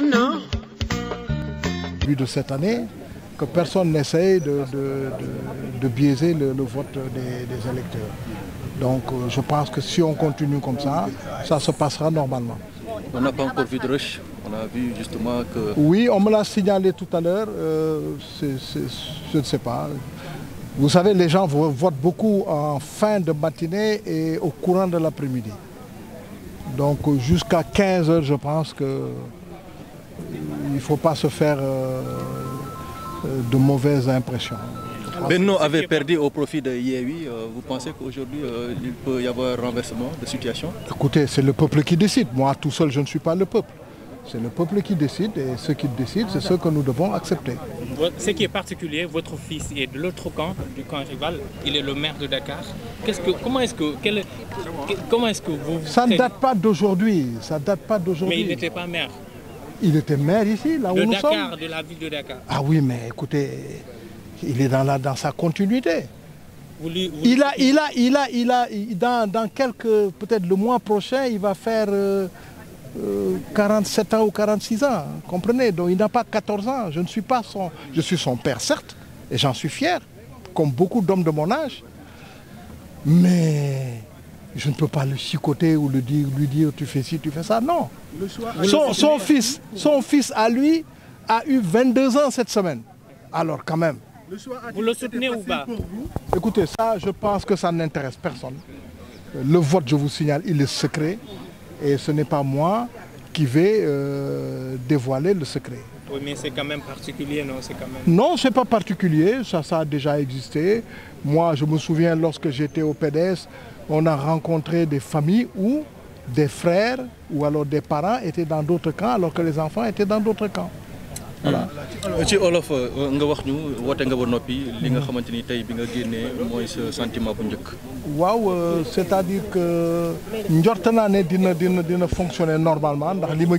Non, de cette année, que personne n'essaye de, biaiser le, vote des, électeurs. Donc euh, je pense que si on continue comme ça, ça se passera normalement. On n'a pas encore vu de rush. On a vu justement que... Oui, on me l'a signalé tout à l'heure. Euh, je ne sais pas. Vous savez, les gens votent beaucoup en fin de matinée et au courant de l'après-midi. Donc jusqu'à 15h, je pense que il ne faut pas se faire euh, euh, de mauvaises impressions. Benno avait perdu au profit de Yehui. Euh, vous pensez qu'aujourd'hui, il peut y avoir un renversement de situation Écoutez, c'est le peuple qui décide. Moi, tout seul, je ne suis pas le peuple. C'est le peuple qui décide et ce qui décide, c'est ce que nous devons accepter. Ce qui est particulier, votre fils est de l'autre camp, du camp rival. Il est le maire de Dakar. comment est-ce que, comment est que vous... Ça ne date pas d'aujourd'hui. Mais il n'était pas maire. Il était maire ici, là où sommes. nous Dakar, De la ville de Dakar. Ah oui, mais écoutez, il est dans, la, dans sa continuité. il, a, il a, il a, il a, dans, quelques, peut-être le mois prochain, il va faire 47 euh, euh, ans ou 46 ans, comprenez Donc il n'a pas 14 ans, je ne suis pas son... Je suis son père, certes, et j'en suis fier, comme beaucoup d'hommes de mon âge, mais je ne peux pas le chicoter ou le dire, lui dire tu fais ci, tu fais ça. Non. son, fils, son fils à lui a eu 22 ans cette semaine. Alors quand même. vous le soutenez ou pas Écoutez, ça, je pense que ça n'intéresse personne. Le vote, je vous signale, il est secret. Et ce n'est pas moi qui vais euh, dévoiler le secret. Oui, mais c'est quand même particulier, non c'est Non, ce n'est pas particulier, ça, ça a déjà existé. Moi, je me souviens, lorsque j'étais au PDS, on a rencontré des familles où des frères ou alors des parents étaient dans d'autres camps, alors que les enfants étaient dans d'autres camps. voilà euh, c'est-à-dire que njort naa fonctionner normalement dans li ma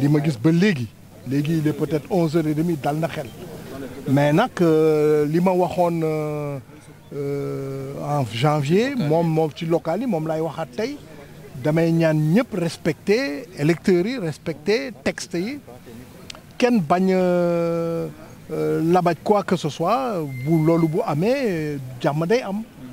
li ma gis ba léegi léegi il est peut-être onze heures et demie dal na xel mais nag euh, li ma waxoon euh, euh, en janvier moom moom ci local yi moom laay waxaat tey damay ñaan ñëpp respecter électeurs yi respecter texte yi kenn bañ labaj quoi que ce soit bu loolu bu amee jàmm day am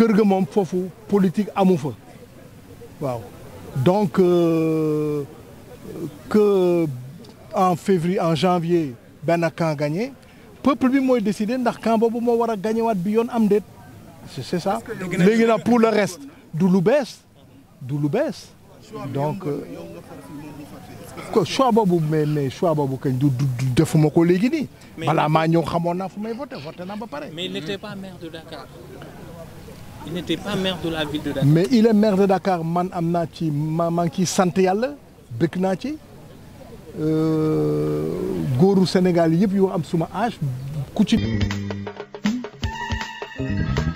kër ga moom foofu politique amu fa waaw donc euh, que en février en janvier benn camp gagné peuple bi mooy décider ndax camp boobu moo war a gagnéwaat bi yoon am déet c'est ça léegi nag pour le reste du lu bees du lu bees donc euh, choix boobu mais mais choix boobu kañ du defuma ko léegi nii balaa maa ñëw xamoon naa fu may voté voté naa ba pare mais il n'était pas maire de Dakar il n'était pas maire de la ville de Dakar. mais il est maire de Dakar man Amnati, maman ci santé maa ngi Gourou euh, Sénégal am